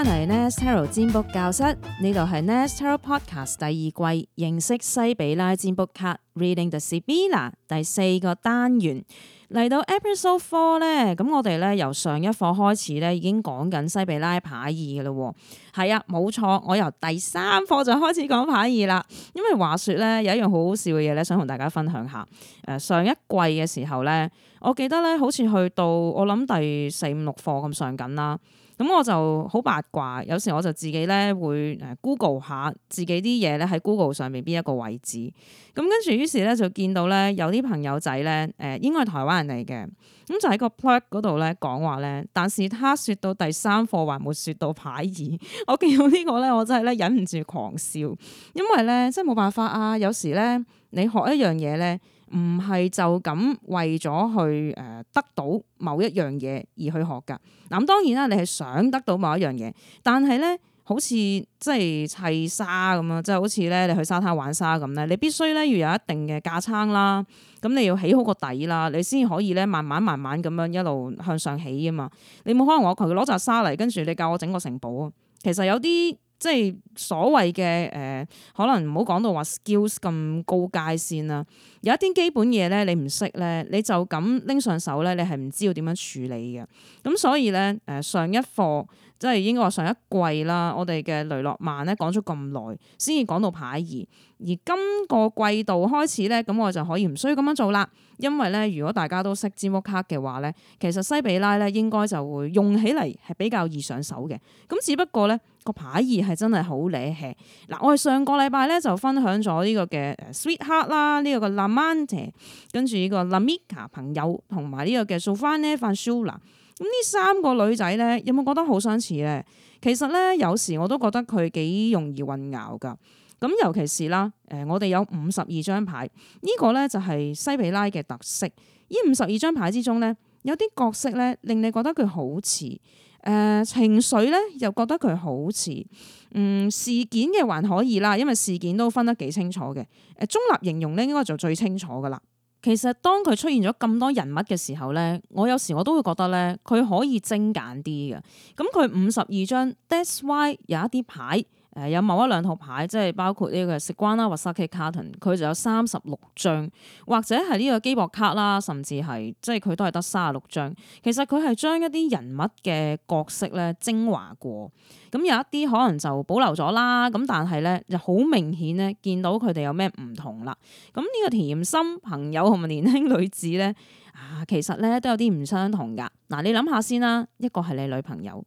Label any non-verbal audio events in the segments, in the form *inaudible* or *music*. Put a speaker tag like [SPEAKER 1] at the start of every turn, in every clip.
[SPEAKER 1] 翻嚟 Nestero 占卜教室，呢度係 Nestero Podcast 第二季，認識西比拉占卜卡 Reading the Sibilla 第四個單元，嚟到 Episode Four 咧，咁我哋咧由上一課開始咧已經講緊西比拉牌義嘅喇。係啊，冇錯，我由第三課就開始講牌義啦。因為話說咧有一樣好好笑嘅嘢咧，想同大家分享下。誒，上一季嘅時候咧，我記得咧好似去到我諗第四五六課咁上緊啦。咁我就好八卦，有時我就自己咧會誒 Google 下自己啲嘢咧喺 Google 上面邊一個位置，咁跟住於是咧就見到咧有啲朋友仔咧誒應該係台灣人嚟嘅，咁就喺個 Plurk 嗰度咧講話咧，但是他説到第三課還沒説到牌二， *laughs* 我見到個呢個咧我真係咧忍唔住狂笑，因為咧真係冇辦法啊，有時咧你學一樣嘢咧。唔係就咁為咗去誒得到某一樣嘢而去學㗎。嗱咁當然啦，你係想得到某一樣嘢，但係咧好似即係砌沙咁樣，即係好似咧你去沙灘玩沙咁咧，你必須咧要有一定嘅架撐啦，咁你要起好個底啦，你先可以咧慢慢慢慢咁樣一路向上起啊嘛。你冇可能我求佢攞紮沙嚟跟住你教我整個城堡啊？其實有啲。即係所謂嘅誒、呃，可能唔好講到話 skills 咁高階先啦。有一啲基本嘢咧，你唔識咧，你就咁拎上手咧，你係唔知道點樣處理嘅。咁所以咧，誒、呃，上一課。即係應該話上一季啦，我哋嘅雷諾曼咧講咗咁耐，先至講到牌二。而今個季度開始咧，咁我就可以唔需要咁樣做啦。因為咧，如果大家都識 j e 卡嘅話咧，其實西比拉咧應該就會用起嚟係比較易上手嘅。咁只不過咧，個牌二係真係好累氣。嗱，我哋上個禮拜咧就分享咗呢個嘅 Sweetheart 啦，呢個嘅 Lamante 跟住呢個 Lamica 朋友同埋呢個嘅 Soufan 咧 Vasula 咁呢三個女仔呢，有冇覺得好相似呢？其實呢，有時我都覺得佢幾容易混淆㗎。咁尤其是啦，誒、呃，我哋有五十二張牌，呢、這個呢就係、是、西比拉嘅特色。呢五十二張牌之中呢，有啲角色呢令你覺得佢好似，誒、呃、情緒呢又覺得佢好似，嗯、呃、事件嘅還可以啦，因為事件都分得幾清楚嘅。誒、呃、中立形容呢應該就最清楚㗎喇。其實當佢出現咗咁多人物嘅時候咧，我有時我都會覺得咧，佢可以精簡啲嘅。咁佢五十二張 That's why 有一啲牌。誒有某一兩套牌，即係包括呢個食關啦、瓦薩奇卡頓，佢就有三十六張，或者係呢個機博卡啦，甚至係即係佢都係得三十六張。其實佢係將一啲人物嘅角色咧精華過，咁有一啲可能就保留咗啦。咁但係咧就好明顯咧，見到佢哋有咩唔同啦。咁呢個甜心朋友同埋年輕女子咧，啊，其實咧都有啲唔相同㗎。嗱，你諗下先啦，一個係你女朋友。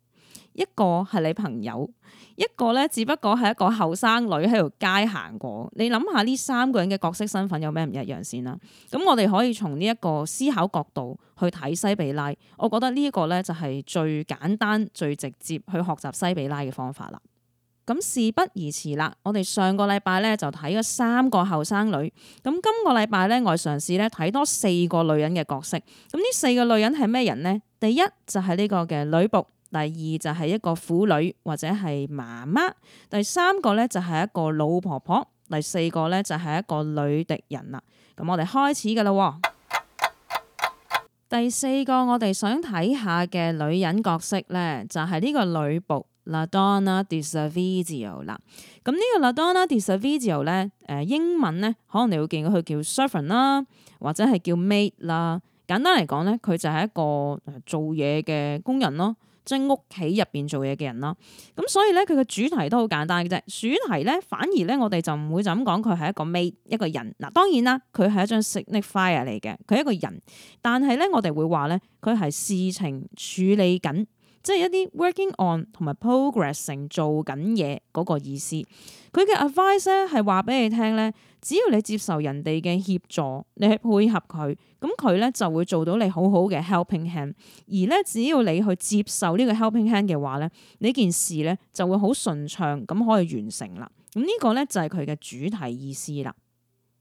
[SPEAKER 1] 一個係你朋友，一個咧只不過係一個後生女喺條街行過。你諗下呢三個人嘅角色身份有咩唔一樣先啦？咁我哋可以從呢一個思考角度去睇西比拉，我覺得呢一個咧就係最簡單、最直接去學習西比拉嘅方法啦。咁事不宜遲啦，我哋上個禮拜咧就睇咗三個後生女，咁今個禮拜咧我嘗試咧睇多四個女人嘅角色。咁呢四個女人係咩人呢？第一就係呢個嘅女僕。第二就係一個婦女或者係媽媽，第三個咧就係一個老婆婆，第四個咧就係一個女敵人啦。咁我哋開始噶啦喎。 *noise* 第四個我哋想睇下嘅女人角色咧，就係、是、呢個女僕 La Donna di Servizio 啦。咁呢個 La Donna di Servizio 咧，誒、呃、英文咧，可能你會見到佢叫 servant 啦，或者係叫 maid 啦。簡單嚟講咧，佢就係一個、呃、做嘢嘅工人咯。即係屋企入邊做嘢嘅人咯，咁所以咧佢嘅主題都好簡單嘅啫，主題咧反而咧我哋就唔會就咁講佢係一個 maid 一個人，嗱，當然啦，佢係一張 signifier 嚟嘅，佢係一個人，但係咧我哋會話咧佢係事情處理緊。即係一啲 working on 同埋 progressing 做緊嘢嗰個意思，佢嘅 advice 咧係話俾你聽咧，只要你接受人哋嘅協助，你去配合佢，咁佢咧就會做到你好好嘅 helping hand。而咧只要你去接受呢個 helping hand 嘅話咧，呢件事咧就會好順暢咁可以完成啦。咁、這、呢個咧就係佢嘅主題意思啦。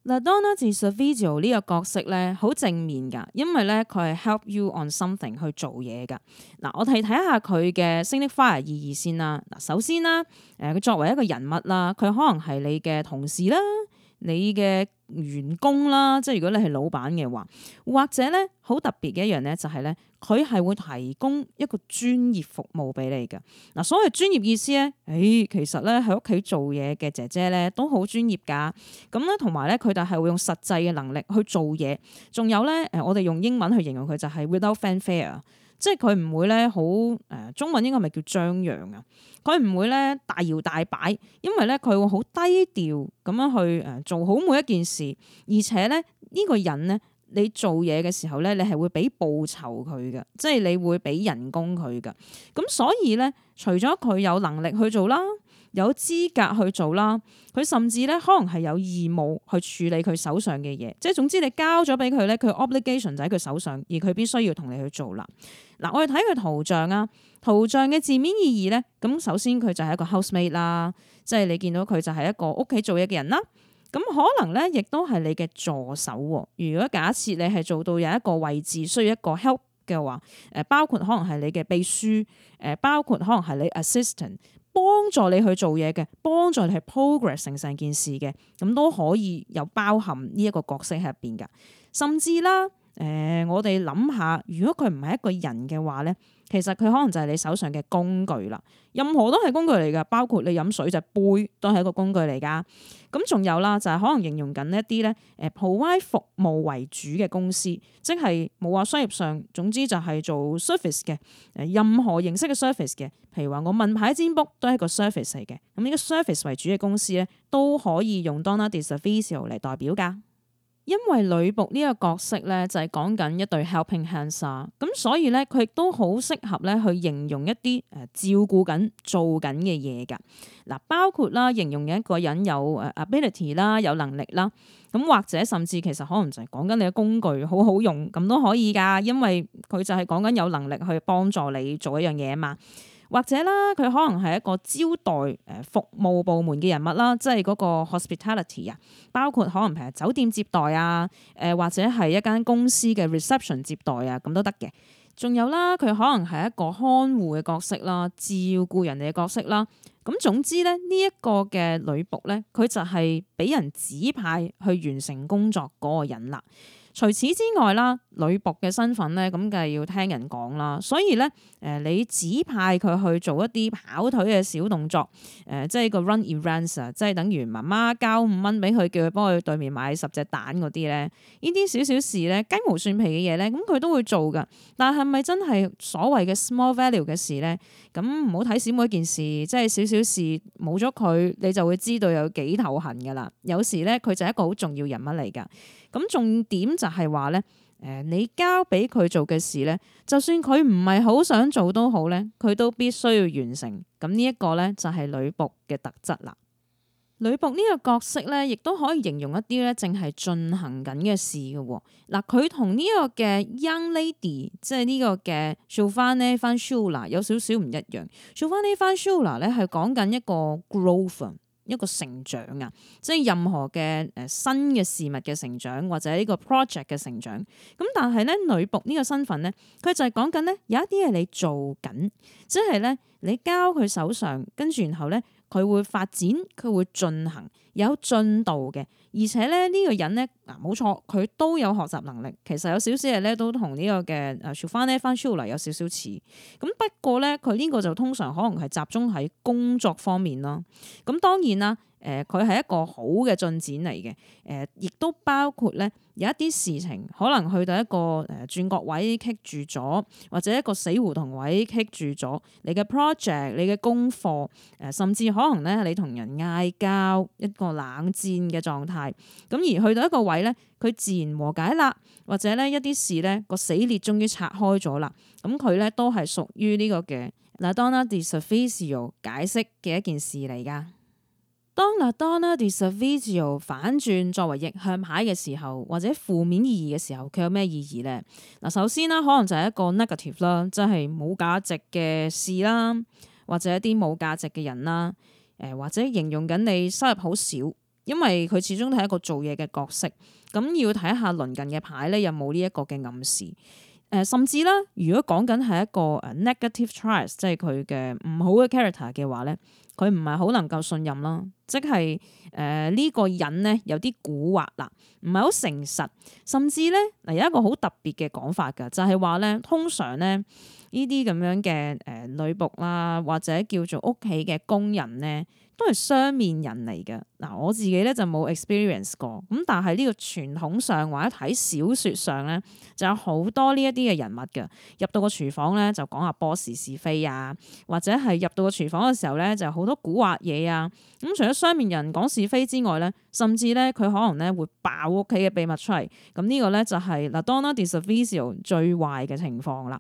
[SPEAKER 1] 嗱，當呢技術 visual 呢個角色咧，好正面噶，因為咧佢係 help you on something 去做嘢噶。嗱，我哋睇下佢嘅 signifier 意義先啦。嗱，首先啦，誒、呃、佢作為一個人物啦，佢可能係你嘅同事啦，你嘅員工啦，即係如果你係老闆嘅話，或者咧好特別嘅一樣咧，就係、是、咧。佢係會提供一個專業服務俾你㗎。嗱，所謂專業意思咧，誒，其實咧喺屋企做嘢嘅姐姐咧都好專業㗎。咁咧，同埋咧，佢哋係會用實際嘅能力去做嘢。仲有咧，誒，我哋用英文去形容佢就係 without fanfare，即係佢唔會咧好誒，中文應該係咪叫張揚啊？佢唔會咧大搖大擺，因為咧佢會好低調咁樣去誒做好每一件事，而且咧呢個人咧。你做嘢嘅時候咧，你係會俾報酬佢嘅，即係你會俾人工佢㗎。咁所以咧，除咗佢有能力去做啦，有資格去做啦，佢甚至咧可能係有義務去處理佢手上嘅嘢。即係總之，你交咗俾佢咧，佢 obligation 就喺佢手上，而佢必須要同你去做啦。嗱，我哋睇佢圖像啊，圖像嘅字面意義咧，咁首先佢就係一個 housemate 啦，即係你見到佢就係一個屋企做嘢嘅人啦。咁可能咧，亦都係你嘅助手。如果假設你係做到有一個位置需要一個 help 嘅話，誒，包括可能係你嘅秘書，誒，包括可能係你 assistant，幫助你去做嘢嘅，幫助你去 progress 成成件事嘅，咁都可以有包含呢一個角色喺入邊噶。甚至啦，誒、呃，我哋諗下，如果佢唔係一個人嘅話咧。其實佢可能就係你手上嘅工具啦，任何都係工具嚟噶，包括你飲水就係杯，都係一個工具嚟噶。咁仲有啦，就係可能形容緊一啲咧，誒、呃、provide 服務為主嘅公司，即係冇話商業上，總之就係做 service 嘅誒，任何形式嘅 service 嘅，譬如話我問牌占卜都係個 service 嚟嘅。咁呢個 service 為主嘅公司咧，都可以用 donated service 嚟代表噶。因為呂僕呢一個角色咧，就係講緊一對 helping hands，咁所以咧，佢亦都好適合咧去形容一啲誒照顧緊做緊嘅嘢噶，嗱，包括啦形容一個人有誒 ability 啦，有能力啦，咁或者甚至其實可能就係講緊你嘅工具好好用咁都可以噶，因為佢就係講緊有能力去幫助你做一樣嘢啊嘛。或者啦，佢可能係一個招待誒服務部門嘅人物啦，即係嗰個 hospitality 啊，包括可能譬如酒店接待啊，誒或者係一間公司嘅 reception 接待啊，咁都得嘅。仲有啦，佢可能係一個看護嘅角色啦，照顧人哋嘅角色啦。咁總之咧，呢一個嘅女僕咧，佢就係俾人指派去完成工作嗰個人啦。除此之外啦，女僕嘅身份咧，咁梗係要聽人講啦。所以咧，誒你指派佢去做一啲跑腿嘅小動作，誒、呃、即係個 run errands 啊，e、ance, 即係等於媽媽交五蚊俾佢，叫佢幫佢對面買十隻蛋嗰啲咧。呢啲少少事咧，雞毛蒜皮嘅嘢咧，咁佢都會做噶。但係咪真係所謂嘅 small value 嘅事咧？咁唔好睇小每件事，即係少少事冇咗佢，你就會知道有幾頭痕噶啦。有時咧，佢就係一個好重要人物嚟噶。咁重點就係話咧，誒、呃、你交俾佢做嘅事咧，就算佢唔係好想做都好咧，佢都必須要完成。咁呢一個咧就係女僕嘅特質啦。女僕呢個角色咧，亦都可以形容一啲咧正係進行緊嘅事嘅喎、哦。嗱、呃，佢同呢個嘅 young lady，即係呢個嘅 s 做翻呢翻 shula 有少少唔一樣。做翻呢翻 shula 咧係講緊一個 grover。一個成長啊，即係任何嘅誒新嘅事物嘅成長，或者呢個 project 嘅成長。咁但係咧女僕呢個身份咧，佢就係講緊咧有一啲嘢你做緊，即係咧你交佢手上，跟住然後咧佢會發展，佢會進行，有進度嘅。而且咧呢個人咧，啊冇錯，佢都有學習能力。其實有少少嘢咧，都同呢個嘅啊，show 翻咧翻出嚟有少少似。咁不過咧，佢呢個就通常可能係集中喺工作方面咯。咁當然啦。誒佢係一個好嘅進展嚟嘅，誒、呃、亦都包括咧有一啲事情可能去到一個誒轉、呃、角位棘住咗，或者一個死胡同位棘住咗你嘅 project、你嘅功課，誒、呃、甚至可能咧你同人嗌交一個冷戰嘅狀態，咁而去到一個位咧佢自然和解啦，或者咧一啲事咧個死裂終於拆開咗啦，咁佢咧都係屬於呢個嘅嗱 Donald Suficio 解釋嘅一件事嚟㗎。當嗱當呢啲 s e v i c i o 反轉作為逆向牌嘅時候，或者負面意義嘅時候，佢有咩意義呢？嗱，首先啦，可能就係一個 negative 啦，即係冇價值嘅事啦，或者一啲冇價值嘅人啦，誒、呃，或者形容緊你收入好少，因為佢始終都係一個做嘢嘅角色，咁要睇下鄰近嘅牌咧，有冇呢一個嘅暗示？誒、呃，甚至啦，如果講緊係一個 negative traits，即係佢嘅唔好嘅 character 嘅話咧。佢唔係好能夠信任啦，即係，誒，呢個人咧，有啲蠱惑啦，唔係好誠實，甚至咧，嗱，有一個好特別嘅講法㗎，就係話咧，通常咧呢啲咁樣嘅誒、呃、女僕啦，或者叫做屋企嘅工人咧。都係雙面人嚟嘅，嗱我自己咧就冇 experience 過，咁但係呢個傳統上或者喺小說上咧就有好多呢一啲嘅人物嘅，入到個廚房咧就講下 boss 是非啊，或者係入到個廚房嘅時候咧就好多古惑嘢啊，咁除咗雙面人講是非之外咧，甚至咧佢可能咧會爆屋企嘅秘密出嚟，咁、這、呢個咧就係嗱 donna di servizio 最壞嘅情況啦。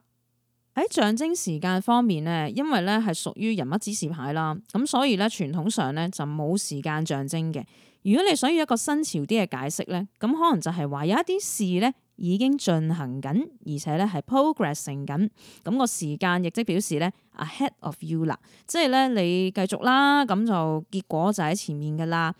[SPEAKER 1] 喺象徵時間方面咧，因為咧係屬於人物指示牌啦，咁所以咧傳統上咧就冇時間象徵嘅。如果你想要一個新潮啲嘅解釋咧，咁可能就係話有一啲事咧已經進行緊，而且咧係 progressing 緊，咁個時間亦即表示咧 ahead of you 啦，即係咧你繼續啦，咁就結果就喺前面噶啦。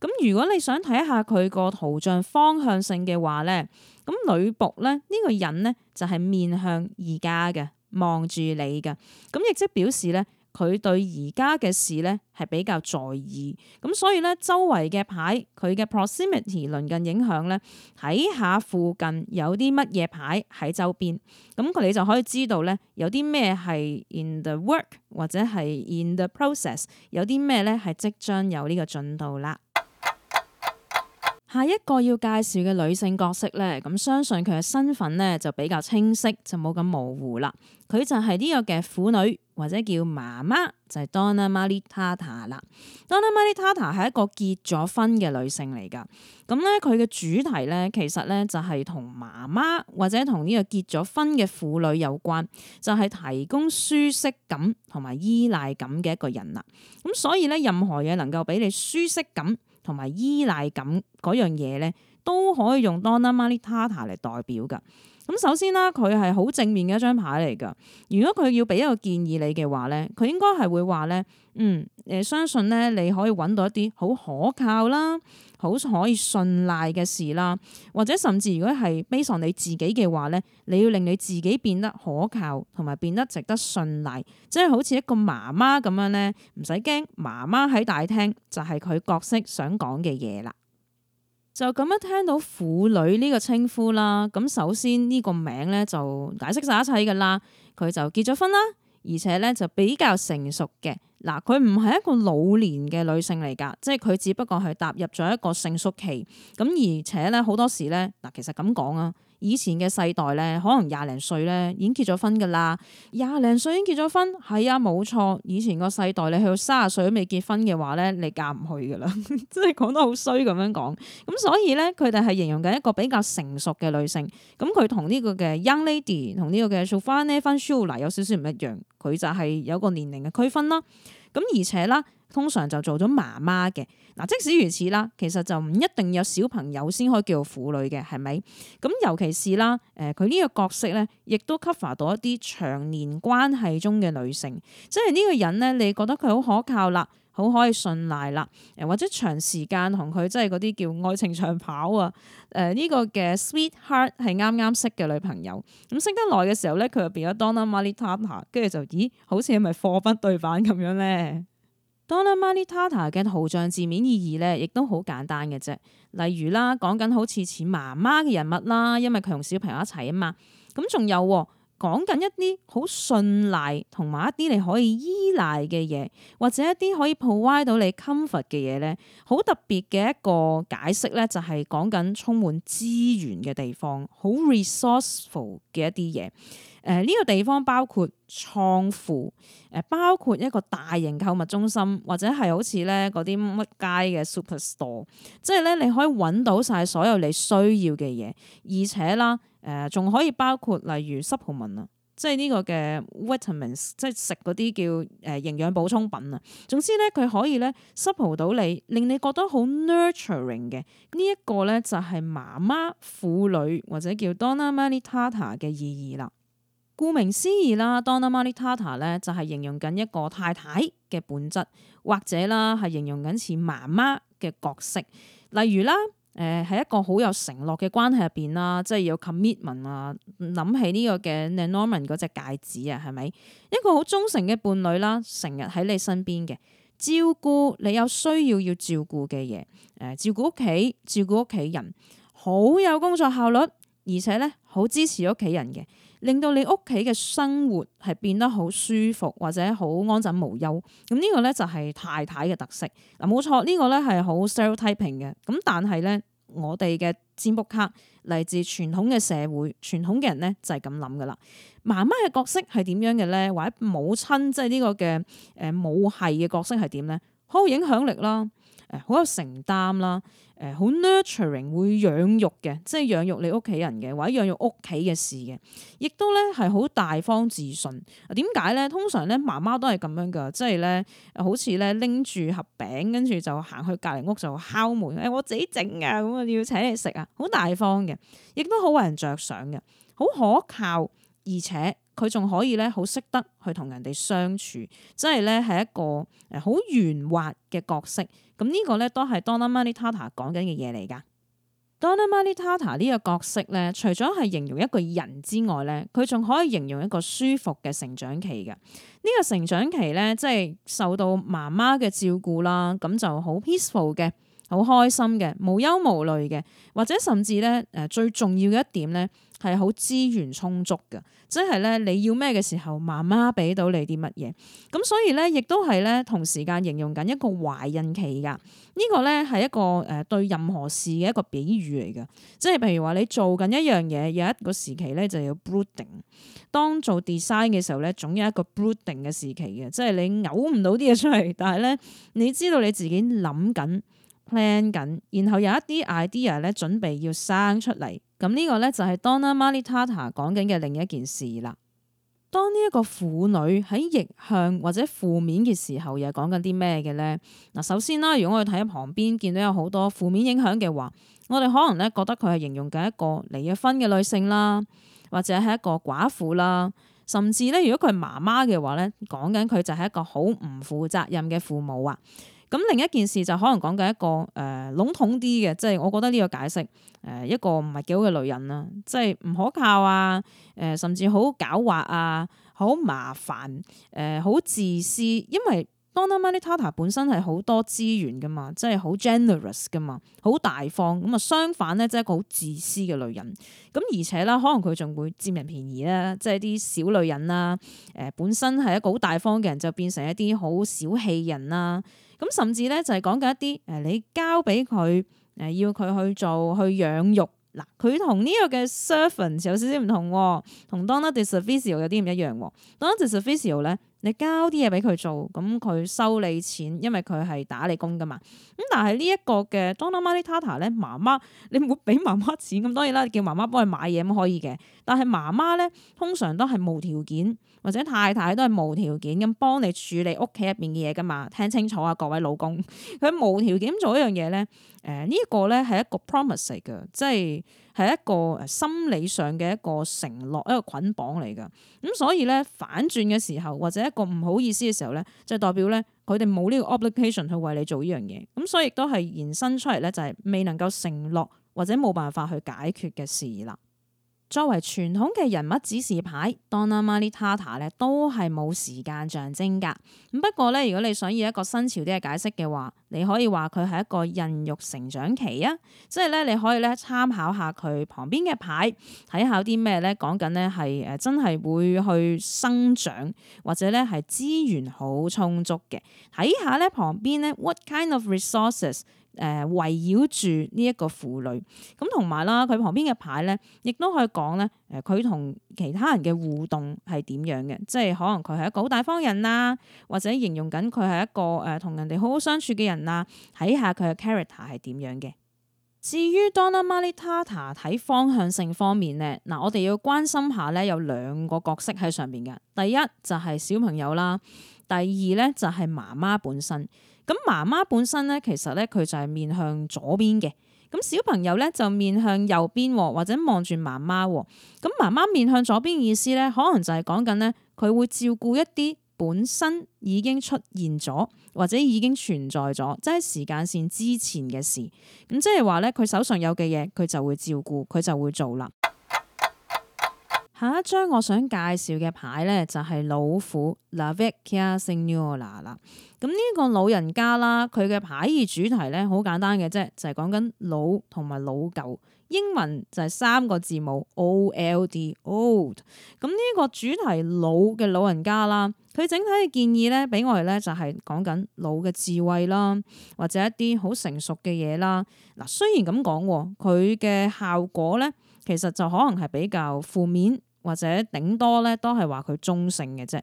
[SPEAKER 1] 咁如果你想睇下佢個圖像方向性嘅話咧，咁女僕咧呢、呢個人咧就係、是、面向而家嘅，望住你嘅，咁亦即表示咧佢對而家嘅事咧係比較在意，咁所以咧周圍嘅牌佢嘅 proximity 鄰近影響咧，睇下附近有啲乜嘢牌喺周邊，咁佢你就可以知道咧有啲咩係 in the work 或者係 in the process，有啲咩咧係即將有呢個進度啦。下一個要介紹嘅女性角色咧，咁相信佢嘅身份咧就比較清晰，就冇咁模糊啦。佢就係呢個嘅婦女或者叫媽媽，就係、是、Donna Maritata 啦。Donna Maritata 係一個結咗婚嘅女性嚟噶。咁咧佢嘅主題咧，其實咧就係同媽媽或者同呢個結咗婚嘅婦女有關，就係、是、提供舒適感同埋依賴感嘅一個人啦。咁所以咧，任何嘢能夠俾你舒適感。同埋依賴感嗰樣嘢咧，都可以用 Donald Money Tata 嚟代表噶。咁首先啦，佢係好正面嘅一張牌嚟㗎。如果佢要俾一個建議你嘅話咧，佢應該係會話咧，嗯，誒、呃、相信咧你可以揾到一啲好可靠啦，好可以信賴嘅事啦。或者甚至如果係 base on 你自己嘅話咧，你要令你自己變得可靠同埋變得值得信賴，即係好似一個媽媽咁樣咧，唔使驚，媽媽喺大廳就係佢角色想講嘅嘢啦。就咁樣一聽到婦女呢個稱呼啦，咁首先呢個名咧就解釋晒一切㗎啦。佢就結咗婚啦，而且咧就比較成熟嘅。嗱，佢唔係一個老年嘅女性嚟㗎，即係佢只不過係踏入咗一個成熟期。咁而且咧好多時咧，嗱其實咁講啊。以前嘅世代咧，可能廿零歲咧已經結咗婚噶啦，廿零歲已經結咗婚，婚，係啊，冇錯。以前個世代你去到卅歲都未結婚嘅話咧，你嫁唔去噶啦，即係講得好衰咁樣講。咁所以咧，佢哋係形容緊一個比較成熟嘅女性。咁佢同呢個嘅 young lady 同呢個嘅 so far 呢翻 shula 有少少唔一樣，佢就係有個年齡嘅區分啦。咁而且啦。通常就做咗媽媽嘅嗱，即使如此啦，其實就唔一定有小朋友先可以叫做婦女嘅，係咪？咁尤其是啦，誒佢呢個角色咧，亦都 cover 到一啲長年關係中嘅女性，即係呢個人咧，你覺得佢好可靠啦，好可以信賴啦，誒或者長時間同佢即係嗰啲叫愛情長跑啊，誒呢個嘅 sweet heart 係啱啱識嘅女朋友，咁識得耐嘅時候咧，佢變咗 Donna Maria 跟住就咦，好似係咪貨不對板咁樣咧？Donna Militata 嘅圖像字面意義咧，亦都好簡單嘅啫。例如啦，講緊好似似媽媽嘅人物啦，因為佢同小朋友一齊啊嘛。咁仲有喎。講緊一啲好信賴同埋一啲你可以依賴嘅嘢，或者一啲可以破壞到你 comfort 嘅嘢咧，好特別嘅一個解釋咧，就係講緊充滿資源嘅地方，好 resourceful 嘅一啲嘢。誒、呃、呢、呢個地方包括倉庫，誒、呃、包括一個大型購物中心，或者係好似咧嗰啲乜街嘅 superstore，即係咧你可以揾到晒所有你需要嘅嘢，而且啦。誒仲、呃、可以包括例如 supplement 啊，即係呢個嘅 vitamins，即係食嗰啲叫誒、呃、營養補充品啊。總之咧，佢可以咧 supple 到你，令你覺得好 nurturing 嘅。這個、呢一個咧就係、是、媽媽婦女或者叫 Donna Maritata 嘅意義啦。顧名思義啦，Donna Maritata 咧就係、是、形容緊一個太太嘅本質，或者啦係形容緊似媽媽嘅角色，例如啦。誒喺、呃、一個好有承諾嘅關係入邊啦，即係有 commitment 啊，諗起呢個嘅 Norman 嗰隻戒指啊，係咪一個好忠誠嘅伴侶啦？成日喺你身邊嘅照顧你有需要要照顧嘅嘢，誒照顧屋企，照顧屋企人，好有工作效率，而且咧好支持屋企人嘅。令到你屋企嘅生活係變得好舒服或者好安枕無憂，咁、這、呢個咧就係太太嘅特色嗱，冇錯、這個、呢個咧係好 stereotyping 嘅，咁但係咧我哋嘅占卜卡嚟自傳統嘅社會，傳統嘅人咧就係咁諗噶啦。媽媽嘅角色係點樣嘅咧？或者母親即係呢個嘅誒母系嘅角色係點咧？好有影響力啦～誒、嗯、好有承擔啦，誒、呃、好 nurturing 會養育嘅，即係養育你屋企人嘅，或者養育屋企嘅事嘅，亦都咧係好大方自信。點解咧？通常咧，媽媽都係咁樣噶，即係咧好似咧拎住盒餅，跟住就行去隔離屋就敲門，誒、哎、我自己整啊，咁我要請你食啊，好大方嘅，亦都好為人着想嘅，好可靠而且。佢仲可以咧，好識得去同人哋相處，即係咧係一個誒好圓滑嘅角色。咁呢個咧都係 Donna m a n i a Tata 講緊嘅嘢嚟噶。Donna m a n i a Tata 呢個角色咧，除咗係形容一個人之外咧，佢仲可以形容一個舒服嘅成長期嘅。呢、呢個成長期咧，即係受到媽媽嘅照顧啦，咁就好 peaceful 嘅，好開心嘅，無憂無慮嘅，或者甚至咧誒最重要嘅一點咧。係好資源充足嘅，即係咧你要咩嘅時候，媽媽俾到你啲乜嘢咁，所以咧亦都係咧同時間形容緊一個懷孕期噶。這個、呢個咧係一個誒，呃，對任何事嘅一個比喻嚟嘅。即係譬如話你做緊一樣嘢有一個時期咧就要 brooding 當做 design 嘅時候咧，總有一個 brooding 嘅時期嘅。即係你嘔唔到啲嘢出嚟，但係咧你知道你自己諗緊 plan 緊，然後有一啲 idea 咧準備要生出嚟。咁呢個咧就係 Donna Marie Tata 講緊嘅另一件事啦。當呢一個婦女喺逆向或者負面嘅時候，又講緊啲咩嘅咧？嗱，首先啦，如果我哋睇旁邊見到有好多負面影響嘅話，我哋可能咧覺得佢係形容緊一個離咗婚嘅女性啦，或者係一個寡婦啦，甚至咧如果佢係媽媽嘅話咧，講緊佢就係一個好唔負責任嘅父母啊。咁另一件事就可能講緊一個誒籠統啲嘅，即係我覺得呢個解釋誒一個唔係幾好嘅女人啦，即係唔可靠啊，誒甚至好狡猾啊，好麻煩誒，好自私，因為。Donna Maritata 本身係好多資源噶嘛，即、就、係、是、好 generous 噶嘛，好大方。咁啊相反咧，即係一個好自私嘅女人。咁而且啦，可能佢仲會佔人便宜啦，即係啲小女人啦。誒、呃、本身係一個好大方嘅人，就變成一啲好小氣人啦。咁甚至咧就係講緊一啲誒、呃，你交俾佢誒，要佢去做去養育嗱，佢、呃、同、哦同哦、呢個嘅 servant 有少少唔同喎，同 Donna di servizio 有啲唔一樣喎。Donna di servizio 咧。你交啲嘢俾佢做，咁佢收你錢，因為佢係打你工噶嘛。咁但係呢一個嘅，d o n n a m 當阿媽啲 t a 咧，媽媽你唔冇俾媽媽錢，咁當然啦，叫媽媽幫佢買嘢咁可以嘅。但係媽媽咧，通常都係無條件，或者太太都係無條件咁幫你處理屋企入邊嘅嘢噶嘛。聽清楚啊，各位老公，佢無條件做一樣嘢咧，誒、呃、呢、這個咧係一個 promise 嚟噶，即係。係一個心理上嘅一個承諾，一個捆綁嚟㗎。咁所以咧，反轉嘅時候，或者一個唔好意思嘅時候咧，就係、代表咧佢哋冇呢個 obligation 去為你做呢樣嘢。咁所以亦都係延伸出嚟咧，就係未能夠承諾或者冇辦法去解決嘅事啦。作為傳統嘅人物指示牌，Donna Maritata 咧都係冇時間象徵㗎。咁不過咧，如果你想要一個新潮啲嘅解釋嘅話，你可以話佢係一個孕育成長期啊。即係咧，你可以咧參考下佢旁邊嘅牌，睇下有啲咩咧講緊咧係誒真係會去生長，或者咧係資源好充足嘅。睇下咧旁邊咧 What kind of resources？誒圍繞住呢一個婦女，咁同埋啦，佢旁邊嘅牌咧，亦都可以講咧，誒佢同其他人嘅互動係點樣嘅，即係可能佢係一個好大方人啊，或者形容緊佢係一個誒同人哋好好相處嘅人啊，睇下佢嘅 character 係點樣嘅。至於 Donal Maritata 睇方向性方面咧，嗱我哋要關心下咧，有兩個角色喺上面嘅，第一就係小朋友啦，第二咧就係媽媽本身。咁媽媽本身咧，其實咧佢就係面向左邊嘅。咁小朋友咧就面向右邊，或者望住媽媽。咁媽媽面向左邊嘅意思咧，可能就係講緊咧，佢會照顧一啲本身已經出現咗或者已經存在咗，即係時間線之前嘅事。咁即係話咧，佢手上有嘅嘢，佢就會照顧，佢就會做啦。下一張我想介紹嘅牌咧就係老虎 La Vecchia Signora 嗱，咁呢、這個老人家啦，佢嘅牌意主題咧好簡單嘅啫，就係講緊老同埋老舊，英文就係三個字母 O L D Old。咁、這、呢個主題老嘅老人家啦，佢整體嘅建議咧俾我哋咧就係講緊老嘅智慧啦，或者一啲好成熟嘅嘢啦。嗱，雖然咁講，佢嘅效果咧其實就可能係比較負面。或者頂多咧，都係話佢中性嘅啫。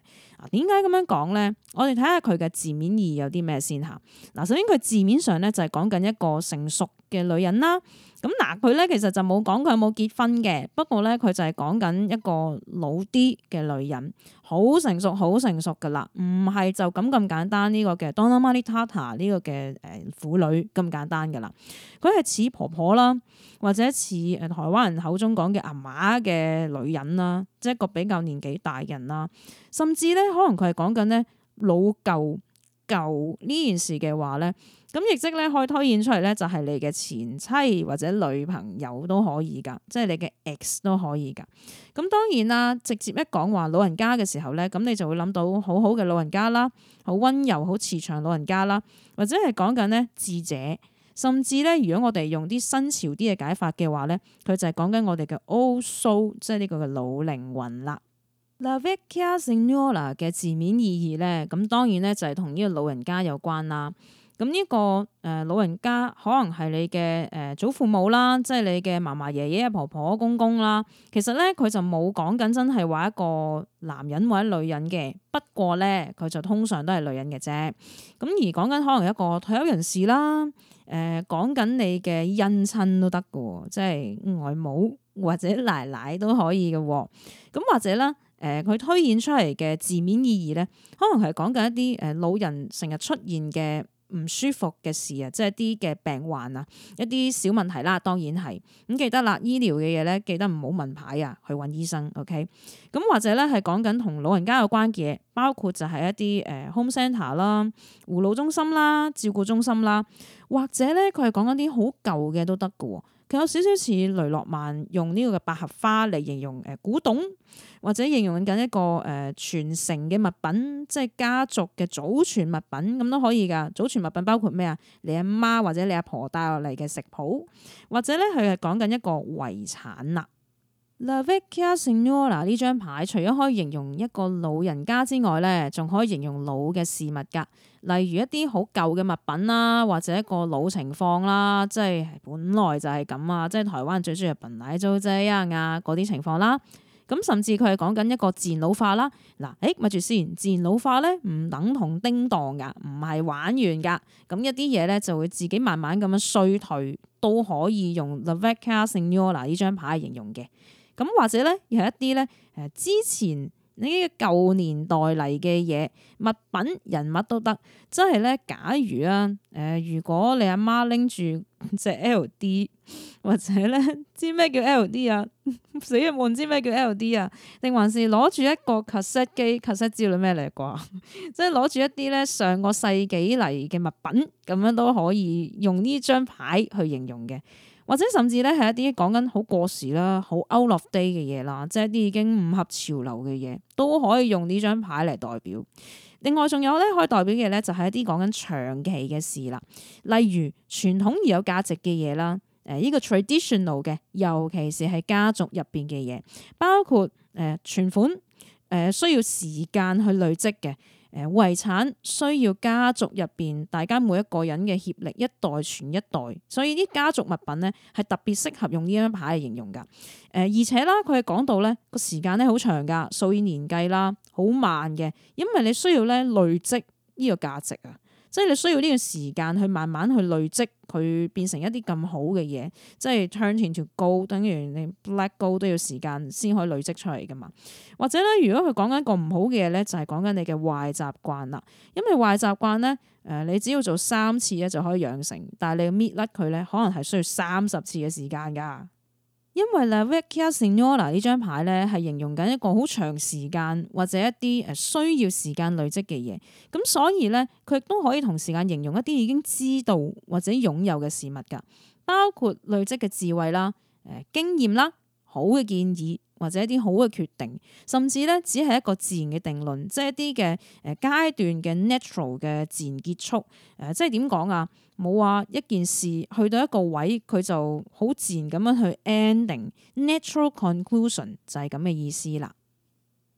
[SPEAKER 1] 點解咁樣講咧？我哋睇下佢嘅字面意義有啲咩先嚇。嗱，首先佢字面上咧就係講緊一個成熟嘅女人啦。咁嗱，佢咧其實就冇講佢有冇結婚嘅，不過咧佢就係講緊一個老啲嘅女人，好成熟，好成熟噶啦，唔係就咁咁簡單呢個嘅。Donna Maria Tata 呢個嘅誒婦女咁簡單噶啦，佢係似婆婆啦，或者似誒台灣人口中講嘅阿媽嘅女人啦，即係一個比較年紀大人啦，甚至咧。可能佢係講緊咧老舊舊呢件事嘅話咧，咁亦即咧可以推演出嚟咧就係你嘅前妻或者女朋友都可以噶，即係你嘅 ex 都可以噶。咁當然啦，直接一講話老人家嘅時候咧，咁你就會諗到好好嘅老人家啦，好溫柔好慈祥老人家啦，或者係講緊咧智者，甚至咧如果我哋用啲新潮啲嘅解法嘅話咧，佢就係講緊我哋嘅 old soul，即係呢個嘅老靈魂啦。嗱，La Vecchia Signora 嘅字面意義咧，咁當然咧就係同呢個老人家有關啦。咁、嗯、呢、這個誒、呃、老人家可能係你嘅誒、呃、祖父母啦，即係你嘅嫲嫲、爺爺、婆婆、公公啦。其實咧佢就冇講緊真係話一個男人或者女人嘅，不過咧佢就通常都係女人嘅啫。咁而講緊可能一個退休人士啦，誒講緊你嘅姻親都得㗎，即係外母或者奶奶都可以嘅、哦。咁、嗯、或者咧，誒佢、呃、推演出嚟嘅字面意義咧，可能係講緊一啲誒老人成日出現嘅唔舒服嘅事啊，即係啲嘅病患啊，一啲小問題啦，當然係咁、嗯、記得啦。醫療嘅嘢咧，記得唔好問牌啊，去搵醫生。OK，咁或者咧係講緊同老人家有關嘅嘢，包括就係一啲誒、呃、Home Centre 啦、護老中心啦、照顧中心啦，或者咧佢係講緊啲好舊嘅都得㗎喎。有少少似雷諾曼用呢個嘅百合花嚟形容誒古董，或者形容緊一個誒、呃、傳承嘅物品，即係家族嘅祖傳物品咁都可以㗎。祖傳物品包括咩啊？你阿媽或者你阿婆帶落嚟嘅食譜，或者咧佢係講緊一個遺產啦。La Vecchia Signora 呢張牌，除咗可以形容一個老人家之外呢，仲可以形容老嘅事物㗎，例如一啲好舊嘅物品啦，或者一個老情況啦，即係本來就係咁啊，即係台灣最中意品奶租啫樣啊嗰啲情況啦。咁甚至佢係講緊一個自然老化啦。嗱，誒，咪住先，自然老化呢唔等同叮當㗎，唔係玩完㗎。咁一啲嘢呢，就會自己慢慢咁樣衰退，都可以用 La Vecchia Signora 呢張牌形容嘅。咁或者咧，又係一啲咧，誒之前呢個舊年代嚟嘅嘢物品、人物都得，即係咧，假如啊，誒、呃、如果你阿媽拎住隻 L.D，或者咧，知咩叫 L.D 啊？死人冇知咩叫 L.D 啊？定還是攞住一個 cassette 機 cassette 知道咩嚟啩？ *laughs* 即係攞住一啲咧上個世紀嚟嘅物品，咁樣都可以用呢張牌去形容嘅。或者甚至咧，係一啲講緊好過時啦，好 out of date 嘅嘢啦，即係一啲已經唔合潮流嘅嘢，都可以用呢張牌嚟代表。另外，仲有咧可以代表嘅咧，就係一啲講緊長期嘅事啦，例如傳統而有價值嘅嘢啦，誒，呢個 traditional 嘅，尤其是係家族入邊嘅嘢，包括誒存款、呃，誒、呃、需要時間去累積嘅。誒遺產需要家族入邊大家每一個人嘅協力，一代傳一代，所以啲家族物品咧係特別適合用呢張牌嚟形容噶。誒、呃、而且啦，佢係講到咧個時間咧好長噶，數以年計啦，好慢嘅，因為你需要咧累積呢個價值啊，即係你需要呢個時間去慢慢去累積。佢變成一啲咁好嘅嘢，即係 turn 成條高，等於你 Black 高都要時間先可以累積出嚟噶嘛。或者咧，如果佢講緊一個唔好嘅嘢咧，就係講緊你嘅壞習慣啦。因為壞習慣咧，誒、呃、你只要做三次咧就可以養成，但係你要搣甩佢咧，可能係需要三十次嘅時間噶。因為咧 La Vecchia Signora 呢張牌咧係形容緊一個好長時間或者一啲誒需要時間累積嘅嘢，咁所以咧佢都可以同時間形容一啲已經知道或者擁有嘅事物㗎，包括累積嘅智慧啦、誒、呃、經驗啦。好嘅建議或者一啲好嘅決定，甚至咧只係一個自然嘅定論，即係一啲嘅誒階段嘅 natural 嘅自然結束誒、呃，即係點講啊？冇話一件事去到一個位，佢就好自然咁樣去 ending natural conclusion 就係咁嘅意思啦。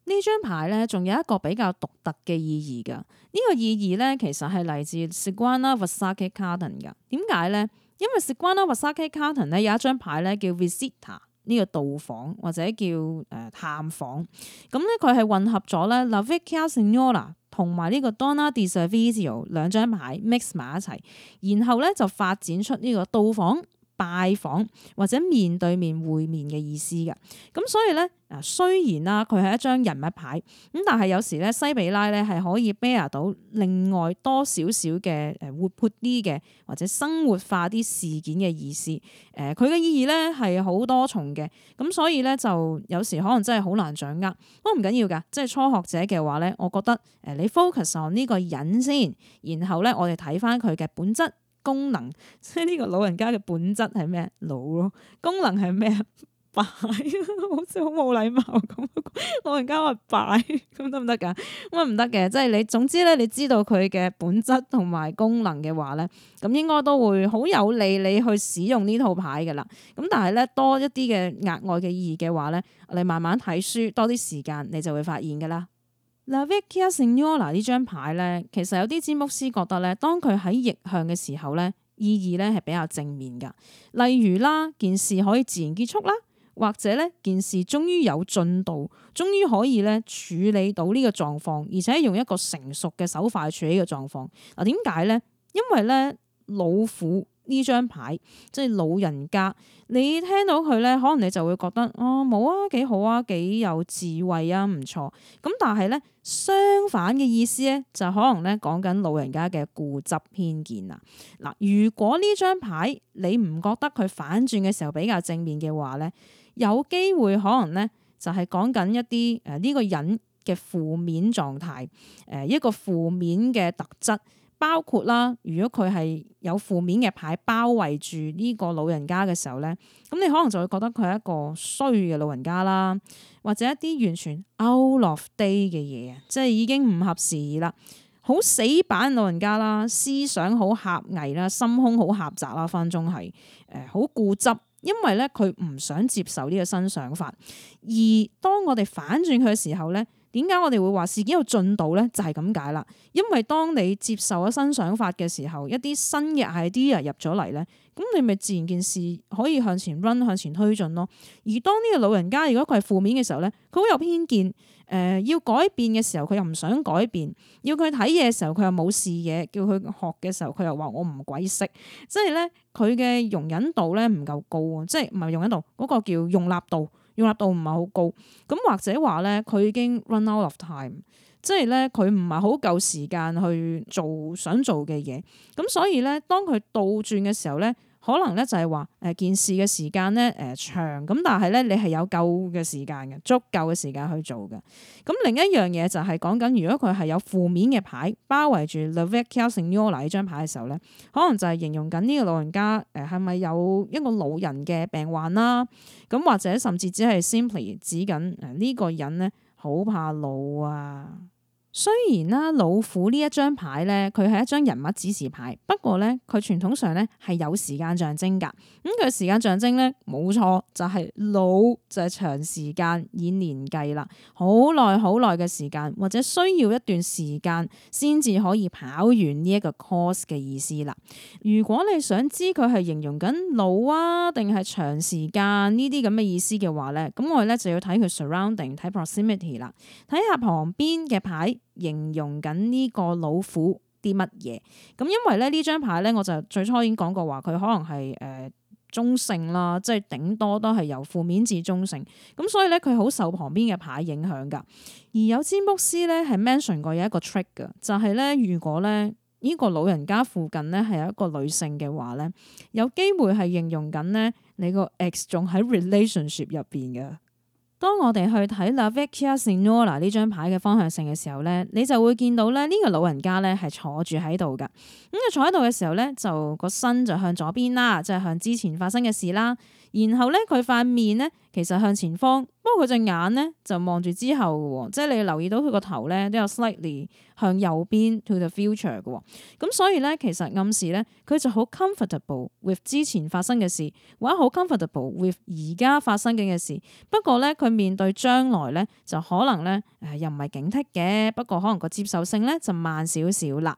[SPEAKER 1] 張呢張牌咧，仲有一個比較獨特嘅意義㗎。呢、這個意義咧，其實係嚟自 Sigan 啦，Vasaki Carton 嘅。點解咧？因為 Sigan 啦，Vasaki Carton 咧有一張牌咧叫 Visita。呢個到訪或者叫誒探訪，咁咧佢係混合咗咧 Lavickia Signora 同埋呢個 Donna DeSavizio 兩張牌 mix 埋一齊，然後咧就發展出呢個到訪。拜訪或者面對面會面嘅意思嘅，咁所以咧，啊雖然啦，佢係一張人物牌，咁但係有時咧，西比拉咧係可以 bear 到另外多少少嘅誒活潑啲嘅或者生活化啲事件嘅意思，誒佢嘅意義咧係好多重嘅，咁所以咧就有時可能真係好難掌握，不過唔緊要噶，即係初學者嘅話咧，我覺得誒你 focus on 呢個人先，然後咧我哋睇翻佢嘅本質。功能，即係呢個老人家嘅本質係咩？老咯，功能係咩？擺，好似好冇禮貌咁，老人家話擺咁得唔得噶？乜唔得嘅，即係你總之咧，你知道佢嘅本質同埋功能嘅話咧，咁應該都會好有利你去使用呢套牌㗎喇。咁但係咧多一啲嘅額外嘅意義嘅話咧，你慢慢睇書，多啲時間，你就會發現噶啦。嗱 Vecchia Signora 呢張牌咧，其實有啲占卜師覺得咧，當佢喺逆向嘅時候咧，意義咧係比較正面嘅。例如啦，件事可以自然結束啦，或者咧，件事終於有進度，終於可以咧處理到呢個狀況，而且用一個成熟嘅手法去處理狀況呢個狀況。嗱，點解咧？因為咧，老虎。呢張牌即係老人家，你聽到佢咧，可能你就會覺得哦，冇啊，幾好啊，幾有智慧啊，唔錯。咁但係咧，相反嘅意思咧，就可能咧講緊老人家嘅固執偏見喇。嗱，如果呢張牌你唔覺得佢反轉嘅時候比較正面嘅話咧，有機會可能咧就係講緊一啲誒呢個人嘅負面狀態，誒、呃、一個負面嘅特質。包括啦，如果佢係有負面嘅牌包圍住呢個老人家嘅時候咧，咁你可能就會覺得佢係一個衰嘅老人家啦，或者一啲完全 out of date 嘅嘢啊，即係已經唔合時宜啦，好死板老人家啦，思想好狹隘啦，心胸好狹窄啦，分鐘係誒好固執，因為咧佢唔想接受呢個新想法，而當我哋反轉佢嘅時候咧。點解我哋會話事件有進度咧？就係咁解啦。因為當你接受咗新想法嘅時候，一啲新嘅 idea 入咗嚟咧，咁你咪自然件事可以向前 run 向前推進咯。而當呢個老人家如果佢係負面嘅時候咧，佢好有偏見。誒、呃，要改變嘅時候佢又唔想改變。要佢睇嘢嘅時候佢又冇視野。叫佢學嘅時候佢又話我唔鬼識。即係咧，佢嘅容忍度咧唔夠高啊！即係唔係容忍度嗰、嗰個叫容納度。容納度唔係好高，咁或者話咧，佢已經 run out of time，即係咧佢唔係好夠時間去做想做嘅嘢，咁所以咧，當佢倒轉嘅時候咧。可能咧，就係話誒件事嘅時間咧誒、呃、長咁，但係咧你係有夠嘅時間嘅足夠嘅時間去做嘅。咁另一樣嘢就係講緊，如果佢係有負面嘅牌包圍住 La Vecchia Signora 呢張牌嘅時候咧，可能就係形容緊呢個老人家誒係咪有一個老人嘅病患啦、啊？咁或者甚至只係 simply 指緊誒呢個人咧好怕老啊。雖然啦，老虎呢一張牌咧，佢係一張人物指示牌。不過咧，佢傳統上咧係有時間象徵㗎。咁、嗯、佢時間象徵咧，冇錯就係、是、老就係、是、長時間以年計啦，好耐好耐嘅時間，或者需要一段時間先至可以跑完呢一個 course 嘅意思啦。如果你想知佢係形容緊老啊，定係長時間呢啲咁嘅意思嘅話咧，咁我哋咧就要睇佢 surrounding，睇 proximity 啦，睇下旁邊嘅牌。形容緊呢個老虎啲乜嘢？咁因為咧呢張牌咧，我就最初已經講過話佢可能係誒、呃、中性啦，即係頂多都係由負面至中性。咁所以咧佢好受旁邊嘅牌影響㗎。而有占卜師咧係 mention 過有一個 trick 嘅，就係、是、咧如果咧呢個老人家附近咧係有一個女性嘅話咧，有機會係形容緊咧你個 ex 仲喺 relationship 入邊嘅。當我哋去睇 La Vecchia Signora 呢張牌嘅方向性嘅時候咧，你就會見到咧呢個老人家咧係坐住喺度噶，咁佢坐喺度嘅時候咧就個身就向左邊啦，即係向之前發生嘅事啦，然後咧佢塊面咧。其實向前方，不過佢隻眼咧就望住之後喎、哦，即係你留意到佢個頭咧都有 slightly 向右邊 to the future 嘅喎、哦，咁、嗯、所以咧其實暗示咧佢就好 comfortable with 之前發生嘅事，或者好 comfortable with 而家發生緊嘅事，不過咧佢面對將來咧就可能咧誒、呃、又唔係警惕嘅，不過可能個接受性咧就慢少少啦。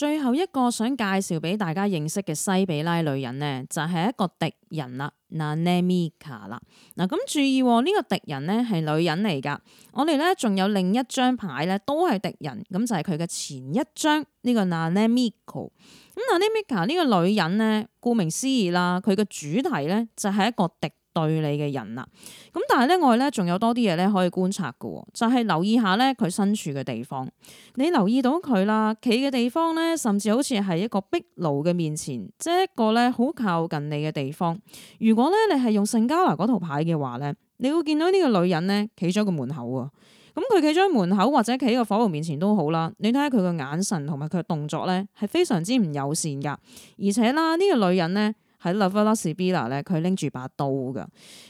[SPEAKER 1] 最後一個想介紹俾大家認識嘅西比拉女人呢，就係、是、一個敵人啦，Nanemica 啦。嗱，咁注意呢、呢個敵人呢係女人嚟噶。我哋呢仲有另一張牌呢，都係敵人，咁就係佢嘅前一張呢、呢個 Nanemico。咁 Nanemica 呢個女人呢，顧名思義啦，佢嘅主題呢就係一個敵。對你嘅人啦，咁但係咧，我哋咧仲有多啲嘢咧可以觀察嘅，就係、是、留意下咧佢身處嘅地方。你留意到佢啦，企嘅地方咧，甚至好似係一個壁爐嘅面前，即係一個咧好靠近你嘅地方。如果咧你係用聖交拿嗰套牌嘅話咧，你會見到呢個女人咧企咗個門口啊。咁佢企咗門口或者企喺個火爐面前都好啦。你睇下佢嘅眼神同埋佢動作咧，係非常之唔友善噶。而且啦，呢個女人咧。喺《La Sibilla》咧，佢拎住把刀㗎，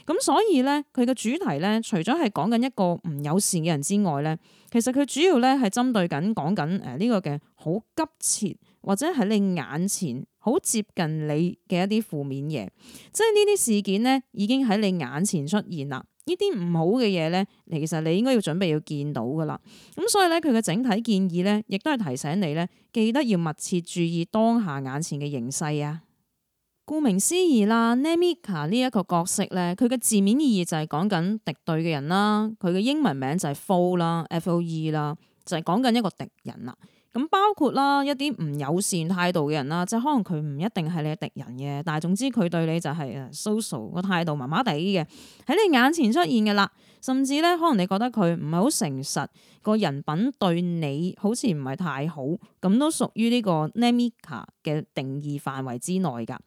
[SPEAKER 1] 咁所以咧，佢嘅主題咧，除咗係講緊一個唔友善嘅人之外咧，其實佢主要咧係針對緊講緊誒呢個嘅好急切或者喺你眼前好接近你嘅一啲負面嘢，即係呢啲事件咧已經喺你眼前出現啦。呢啲唔好嘅嘢咧，其實你應該要準備要見到㗎喇。咁所以咧，佢嘅整體建議咧，亦都係提醒你咧，記得要密切注意當下眼前嘅形勢啊！顧名思義啦，Nemica 呢一個角色咧，佢嘅字面意義就係講緊敵對嘅人啦。佢嘅英文名就係 Foe 啦，F-O-E 啦，就係講緊一個敵人啦。咁包括啦一啲唔友善態度嘅人啦，即係可能佢唔一定係你嘅敵人嘅，但係總之佢對你就係 social 個態度，麻麻地嘅喺你眼前出現嘅啦。甚至咧，可能你覺得佢唔係好誠實，個人品對你好似唔係太好，咁都屬於呢個 Nemica 嘅定義範圍之內㗎。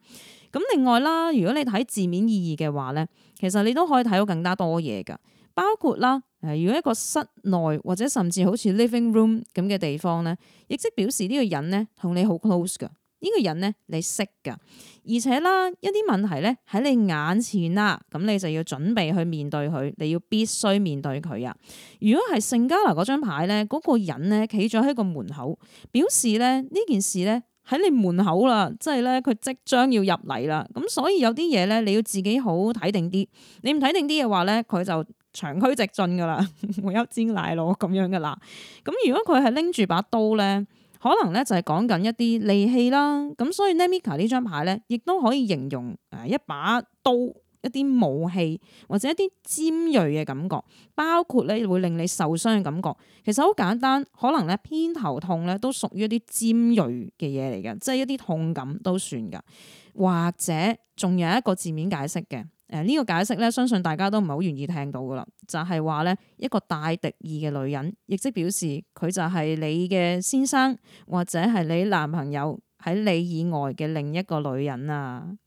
[SPEAKER 1] 咁另外啦，如果你睇字面意義嘅話咧，其實你都可以睇到更加多嘢噶，包括啦，誒，如果一個室內或者甚至好似 living room 咁嘅地方咧，亦即表示呢個人咧同你好 close 噶，呢個人咧你識噶，而且啦一啲問題咧喺你眼前啦，咁你就要準備去面對佢，你要必須面對佢啊。如果係聖加拿嗰張牌咧，嗰個人咧企咗喺個門口，表示咧呢件事咧。喺你門口啦，即係咧佢即將要入嚟啦，咁所以有啲嘢咧你要自己好睇定啲，你唔睇定啲嘅話咧，佢就長驅直進噶啦，我一煎奶酪咁樣噶啦。咁如果佢係拎住把刀咧，可能咧就係講緊一啲利器啦。咁所以呢，Namika 呢張牌咧，亦都可以形容誒一把刀。一啲武器或者一啲尖銳嘅感覺，包括咧會令你受傷嘅感覺，其實好簡單，可能咧偏頭痛咧都屬於一啲尖銳嘅嘢嚟嘅，即係一啲痛感都算噶。或者仲有一個字面解釋嘅，誒呢個解釋咧，相信大家都唔係好願意聽到噶啦，就係話咧一個大敵意嘅女人，亦即表示佢就係你嘅先生或者係你男朋友喺你以外嘅另一個女人啊。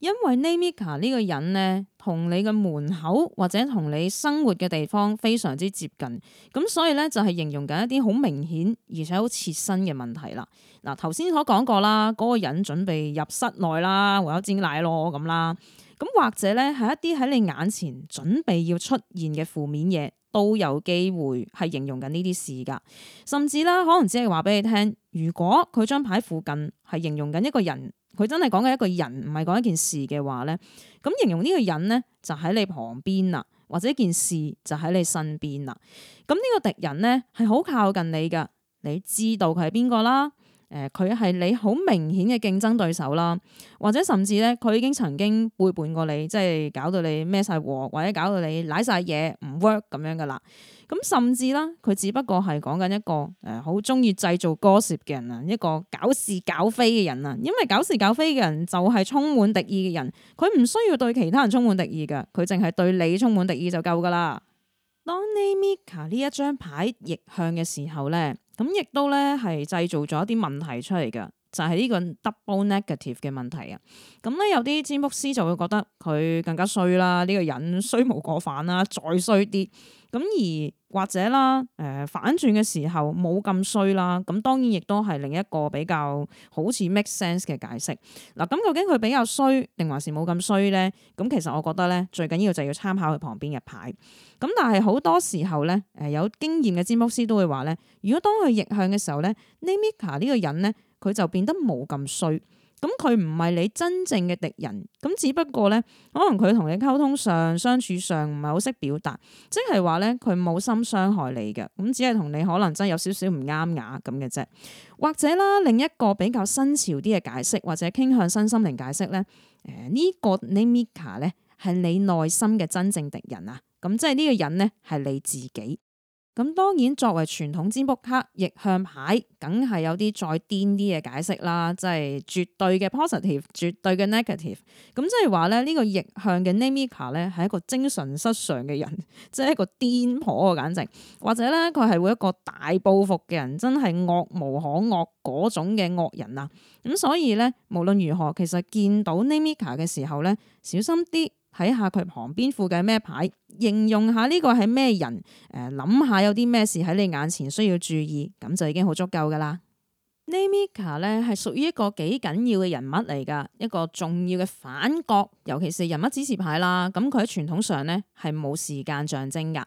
[SPEAKER 1] 因為 Namica 呢個人咧，同你嘅門口或者同你生活嘅地方非常之接近，咁所以咧就係形容緊一啲好明顯而且好切身嘅問題啦。嗱，頭先所講過啦，嗰、嗰個人準備入室內啦，或者煎奶囉咁啦，咁或者咧係一啲喺你眼前準備要出現嘅負面嘢都有機會係形容緊呢啲事㗎，甚至啦可能只係話俾你聽，如果佢張牌附近係形容緊一個人。佢真係講緊一個人，唔係講一件事嘅話咧，咁形容呢個人咧就喺你旁邊啦，或者件事就喺你身邊啦。咁呢個敵人咧係好靠近你噶，你知道佢係邊個啦。誒，佢係、呃、你好明顯嘅競爭對手啦，或者甚至咧，佢已經曾經背叛過你，即係搞到你咩晒鑊，或者搞到你瀨晒嘢唔 work 咁樣噶啦。咁、嗯、甚至啦，佢只不過係講緊一個誒，好中意製造 gossip 嘅人啊，一個搞事搞非嘅人啊。因為搞事搞非嘅人就係充滿敵意嘅人，佢唔需要對其他人充滿敵意噶，佢淨係對你充滿敵意就夠噶啦。當你 Mika 呢一張牌逆向嘅時候咧。咁亦都咧係製造咗一啲問題出嚟噶，就係、是、呢個 double negative 嘅問題啊。咁咧有啲占卜師就會覺得佢更加衰啦，呢、這個人衰無過犯啦，再衰啲。咁而或者啦，誒、呃、反轉嘅時候冇咁衰啦，咁當然亦都係另一個比較好似 make sense 嘅解釋。嗱、啊、咁究竟佢比較衰定還是冇咁衰咧？咁其實我覺得咧，最緊要就要參考佢旁邊嘅牌。咁但係好多時候咧，誒有經驗嘅占卜師都會話咧，如果當佢逆向嘅時候咧 *laughs* Namika 呢個人咧，佢就變得冇咁衰。咁佢唔係你真正嘅敵人，咁只不過咧，可能佢同你溝通上、相處上唔係好識表達，即係話咧，佢冇心傷害你嘅，咁只係同你可能真係有少少唔啱牙咁嘅啫。或者啦，另一個比較新潮啲嘅解釋，或者傾向新心靈解釋咧，誒、呃這個、呢個 Nemica 咧係你內心嘅真正敵人啊，咁即係呢個人咧係你自己。咁當然，作為傳統占卜卡逆向牌，梗係有啲再癲啲嘅解釋啦，即係絕對嘅 positive，絕對嘅 negative。咁即係話咧，呢個逆向嘅 Namica 咧係一個精神失常嘅人，即係一個癲婆啊簡直，或者咧佢係會一個大報復嘅人，真係惡無可惡嗰種嘅惡人啊！咁所以咧，無論如何，其實見到 Namica 嘅時候咧，小心啲。睇下佢旁邊附近咩牌，形容下呢個係咩人，誒、呃、諗下有啲咩事喺你眼前需要注意，咁就已經好足夠噶啦。Namica 咧係屬於一個幾緊要嘅人物嚟噶，一個重要嘅反角，尤其是人物指示牌啦。咁佢喺傳統上咧係冇時間象徵噶。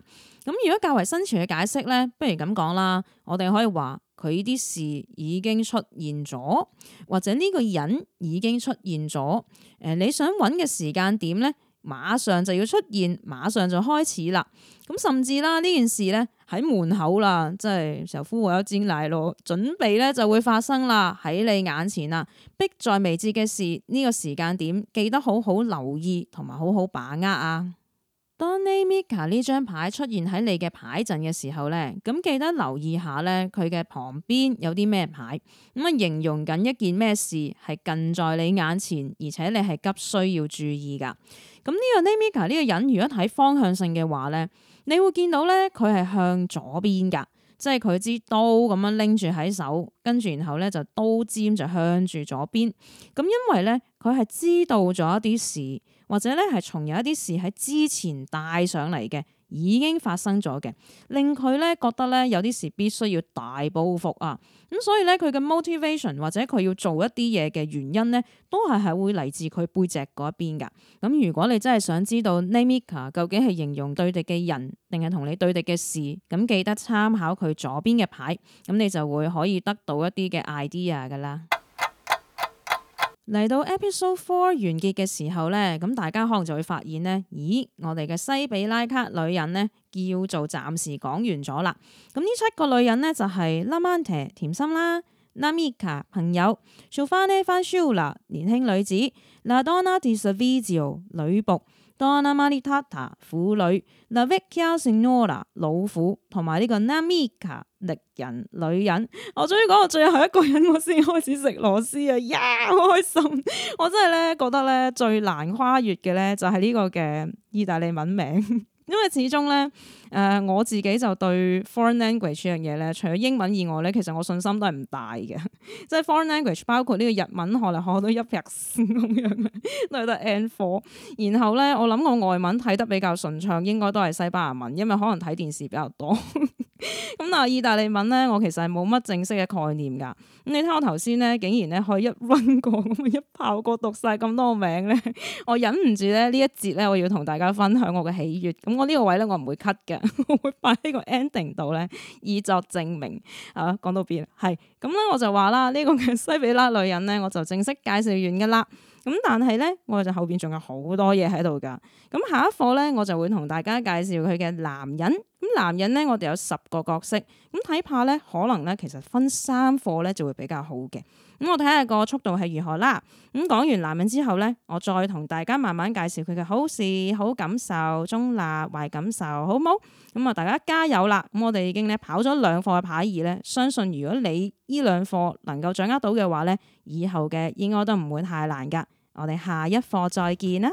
[SPEAKER 1] 咁如果較為新潮嘅解釋咧，不如咁講啦，我哋可以話佢啲事已經出現咗，或者呢個人已經出現咗。誒、呃，你想揾嘅時間點咧？馬上就要出現，馬上就開始啦。咁甚至啦，呢件事呢，喺門口啦，即係仇富我有戰奶羅準備呢就會發生啦喺你眼前啦，迫在眉睫嘅事呢個時間點，記得好好留意同埋好好把握啊。當 Nika 呢張牌出現喺你嘅牌陣嘅時候呢，咁記得留意下呢，佢嘅旁邊有啲咩牌，咁啊形容緊一件咩事係近在你眼前，而且你係急需要注意噶。咁呢個 Nemika 呢個人，如果睇方向性嘅話咧，你會見到咧，佢係向左邊噶，即係佢支刀咁樣拎住喺手，跟住然後咧就刀尖就向住左邊。咁因為咧，佢係知道咗一啲事，或者咧係從有一啲事喺之前帶上嚟嘅。已經發生咗嘅，令佢咧覺得咧有啲事必須要大報復啊！咁所以咧佢嘅 motivation 或者佢要做一啲嘢嘅原因咧，都係係會嚟自佢背脊嗰一邊噶。咁如果你真係想知道 Namica 究竟係形容對敵嘅人，定係同你對敵嘅事，咁記得參考佢左邊嘅牌，咁你就會可以得到一啲嘅 idea 噶啦。嚟到 episode four 完結嘅時候咧，咁大家可能就會發現咧，咦，我哋嘅西比拉卡女人咧叫做暫時講完咗啦。咁呢七個女人咧就係、是、Lamante 甜心啦 n a m i k a 朋友，Sofa 咧翻 Shula 年輕女子，n a d o n a De Savizio 女僕。Donna Maritata 婦女，La Vecchia Signora 老虎，同埋呢個 Namica 力人女人。我終於講到最後一個人，我先開始食螺絲啊！呀、yeah，好開心！我真係咧覺得咧最難跨越嘅咧就係呢個嘅意大利文名。因為始終咧，誒、呃，我自己就對 foreign language 呢樣嘢咧，除咗英文以外咧，其實我信心都係唔大嘅。 *laughs* 即係 foreign language 包括呢個日文，學嚟學到一撇咁樣，都係得 N4，然後咧，我諗我外文睇得比較順暢，應該都係西班牙文，因為可能睇電視比較多。 *laughs* 咁嗱，意大利文咧，我其實係冇乜正式嘅概念噶。咁你睇我頭先咧，竟然咧可以一 run 過，一炮過讀晒咁多名咧，我忍唔住咧呢一節咧，我要同大家分享我嘅喜悦。咁我呢個位咧，我唔會 cut 嘅，我會擺喺個 ending 度咧，以作證明。啊，講到邊係咁咧，我就話啦，呢個嘅西比拉女人咧，我就正式介紹完噶啦。咁但係咧，我就後邊仲有好多嘢喺度噶。咁下一課咧，我就會同大家介紹佢嘅男人。男人呢，我哋有十個角色，咁睇怕呢，可能呢，其實分三課呢就會比較好嘅。咁我睇下個速度係如何啦。咁講完男人之後呢，我再同大家慢慢介紹佢嘅好事、好感受、中立、壞感受，好唔好？咁啊，大家加油啦！咁我哋已經咧跑咗兩課嘅牌二呢。相信如果你呢兩課能夠掌握到嘅話呢，以後嘅應該都唔會太難㗎。我哋下一課再見啦。